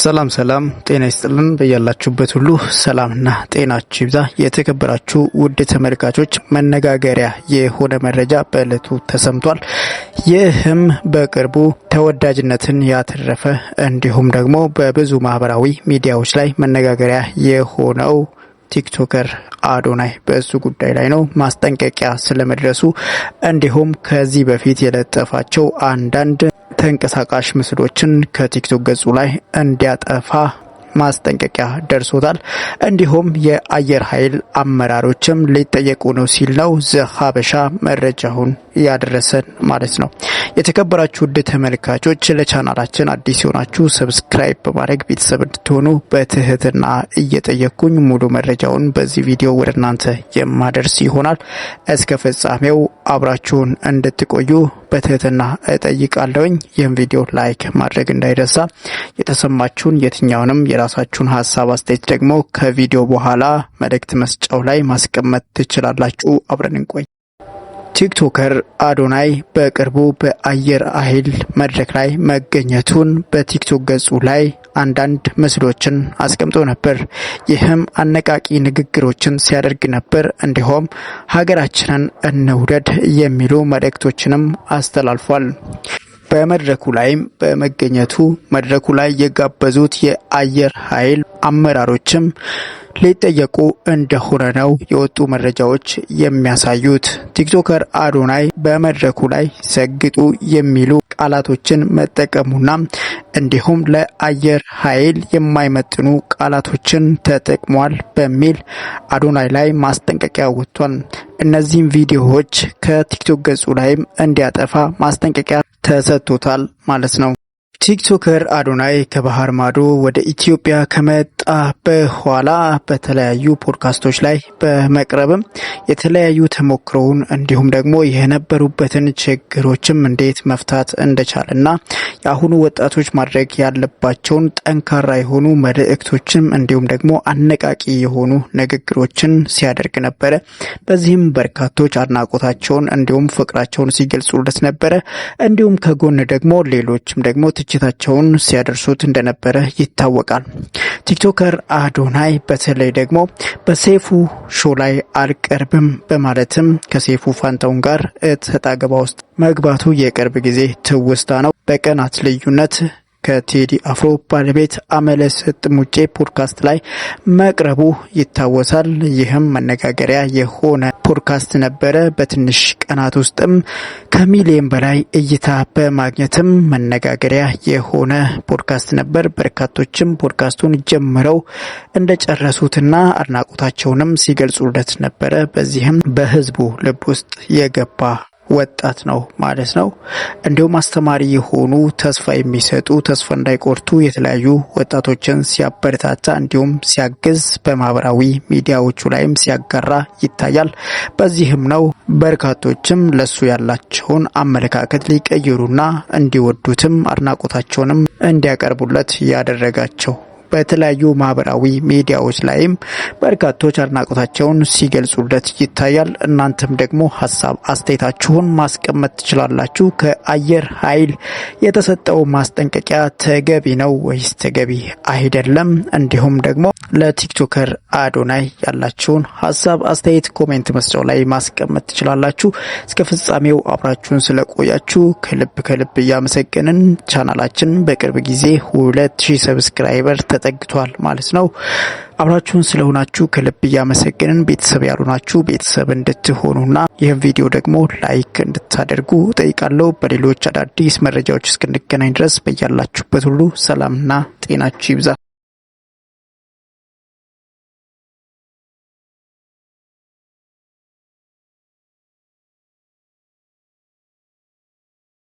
ሰላም ሰላም፣ ጤና ይስጥልን። በያላችሁበት ሁሉ ሰላምና ጤናችሁ ይብዛ። የተከበራችሁ ውድ ተመልካቾች፣ መነጋገሪያ የሆነ መረጃ በእለቱ ተሰምቷል። ይህም በቅርቡ ተወዳጅነትን ያተረፈ እንዲሁም ደግሞ በብዙ ማህበራዊ ሚዲያዎች ላይ መነጋገሪያ የሆነው ቲክቶከር አዶናይ በእሱ ጉዳይ ላይ ነው። ማስጠንቀቂያ ስለመድረሱ እንዲሁም ከዚህ በፊት የለጠፋቸው አንዳንድ ተንቀሳቃሽ ምስሎችን ከቲክቶክ ገጹ ላይ እንዲያጠፋ ማስጠንቀቂያ ደርሶታል። እንዲሁም የአየር ኃይል አመራሮችም ሊጠየቁ ነው ሲል ነው ሀበሻ መረጃውን ያደረሰን ማለት ነው። የተከበራችሁ ውድ ተመልካቾች ለቻናላችን አዲስ የሆናችሁ ሰብስክራይብ በማድረግ ቤተሰብ እንድትሆኑ በትህትና እየጠየቅኩኝ ሙሉ መረጃውን በዚህ ቪዲዮ ወደ እናንተ የማደርስ ይሆናል። እስከ ፍጻሜው አብራችሁን እንድትቆዩ በትህትና እጠይቃለሁኝ። ይህም ቪዲዮ ላይክ ማድረግ እንዳይረሳ። የተሰማችሁን የትኛውንም የራሳችሁን ሀሳብ አስተያየት ደግሞ ከቪዲዮ በኋላ መልእክት መስጫው ላይ ማስቀመጥ ትችላላችሁ። አብረን እንቆይ። ቲክቶከር አዶናይ በቅርቡ በአየር ኃይል መድረክ ላይ መገኘቱን በቲክቶክ ገጹ ላይ አንዳንድ ምስሎችን አስቀምጦ ነበር። ይህም አነቃቂ ንግግሮችን ሲያደርግ ነበር። እንዲሁም ሀገራችንን እንውደድ የሚሉ መልእክቶችንም አስተላልፏል። በመድረኩ ላይም በመገኘቱ መድረኩ ላይ የጋበዙት የአየር ኃይል አመራሮችም ሊጠየቁ እንደሆነ ነው የወጡ መረጃዎች የሚያሳዩት። ቲክቶከር አዶናይ በመድረኩ ላይ ሰግጡ የሚሉ ቃላቶችን መጠቀሙና እንዲሁም ለአየር ኃይል የማይመጥኑ ቃላቶችን ተጠቅሟል በሚል አዶናይ ላይ ማስጠንቀቂያ ወጥቷል። እነዚህም ቪዲዮዎች ከቲክቶክ ገጹ ላይም እንዲያጠፋ ማስጠንቀቂያ ተሰጥቶታል ማለት ነው። ቲክቶከር አዶናይ ከባህር ማዶ ወደ ኢትዮጵያ ከመጣ በኋላ በተለያዩ ፖድካስቶች ላይ በመቅረብም የተለያዩ ተሞክሮውን እንዲሁም ደግሞ የነበሩበትን ችግሮችም እንዴት መፍታት እንደቻለና የአሁኑ ወጣቶች ማድረግ ያለባቸውን ጠንካራ የሆኑ መልእክቶችም እንዲሁም ደግሞ አነቃቂ የሆኑ ንግግሮችን ሲያደርግ ነበረ። በዚህም በርካቶች አድናቆታቸውን እንዲሁም ፍቅራቸውን ሲገልጹለት ነበረ። እንዲሁም ከጎን ደግሞ ሌሎችም ደግሞ ትችታቸውን ሲያደርሱት እንደነበረ ይታወቃል። ቲክቶክ ጆከር አዶናይ በተለይ ደግሞ በሴፉ ሾ ላይ አልቀርብም በማለትም ከሴፉ ፋንታውን ጋር እሰጣ ገባ ውስጥ መግባቱ የቅርብ ጊዜ ትውስታ ነው። በቀናት ልዩነት ከቴዲ አፍሮ ባለቤት አመለ ስጥሙጬ ፖድካስት ላይ መቅረቡ ይታወሳል። ይህም መነጋገሪያ የሆነ ፖድካስት ነበረ። በትንሽ ቀናት ውስጥም ከሚሊዮን በላይ እይታ በማግኘትም መነጋገሪያ የሆነ ፖድካስት ነበር። በርካቶችም ፖድካስቱን ጀምረው እንደጨረሱትና አድናቆታቸውንም ሲገልጹለት ነበረ። በዚህም በህዝቡ ልብ ውስጥ የገባ ወጣት ነው ማለት ነው። እንዲሁም አስተማሪ የሆኑ ተስፋ የሚሰጡ ተስፋ እንዳይቆርቱ የተለያዩ ወጣቶችን ሲያበረታታ እንዲሁም ሲያግዝ በማህበራዊ ሚዲያዎቹ ላይም ሲያጋራ ይታያል። በዚህም ነው በርካቶችም ለሱ ያላቸውን አመለካከት ሊቀይሩና እንዲወዱትም አድናቆታቸውንም እንዲያቀርቡለት ያደረጋቸው። በተለያዩ ማህበራዊ ሚዲያዎች ላይም በርካቶች አድናቆታቸውን ሲገልጹለት ይታያል። እናንተም ደግሞ ሀሳብ አስተያየታችሁን ማስቀመጥ ትችላላችሁ። ከአየር ኃይል የተሰጠው ማስጠንቀቂያ ተገቢ ነው ወይስ ተገቢ አይደለም? እንዲሁም ደግሞ ለቲክቶከር አዶናይ ያላችሁን ሀሳብ አስተያየት ኮሜንት መስጫው ላይ ማስቀመጥ ትችላላችሁ። እስከ ፍጻሜው አብራችሁን ስለቆያችሁ ከልብ ከልብ እያመሰገንን ቻናላችን በቅርብ ጊዜ ሁለት ሺህ ሰብስክራይበር ተጠግቷል ማለት ነው። አብራችሁን ስለሆናችሁ ከልብ እያመሰገንን ቤተሰብ ናችሁ። ቤተሰብ እንድትሆኑና ይህን ቪዲዮ ደግሞ ላይክ እንድታደርጉ ጠይቃለሁ። በሌሎች አዳዲስ መረጃዎች እስክንገናኝ ድረስ በያላችሁበት ሁሉ ሰላምና ጤናችሁ ይብዛ።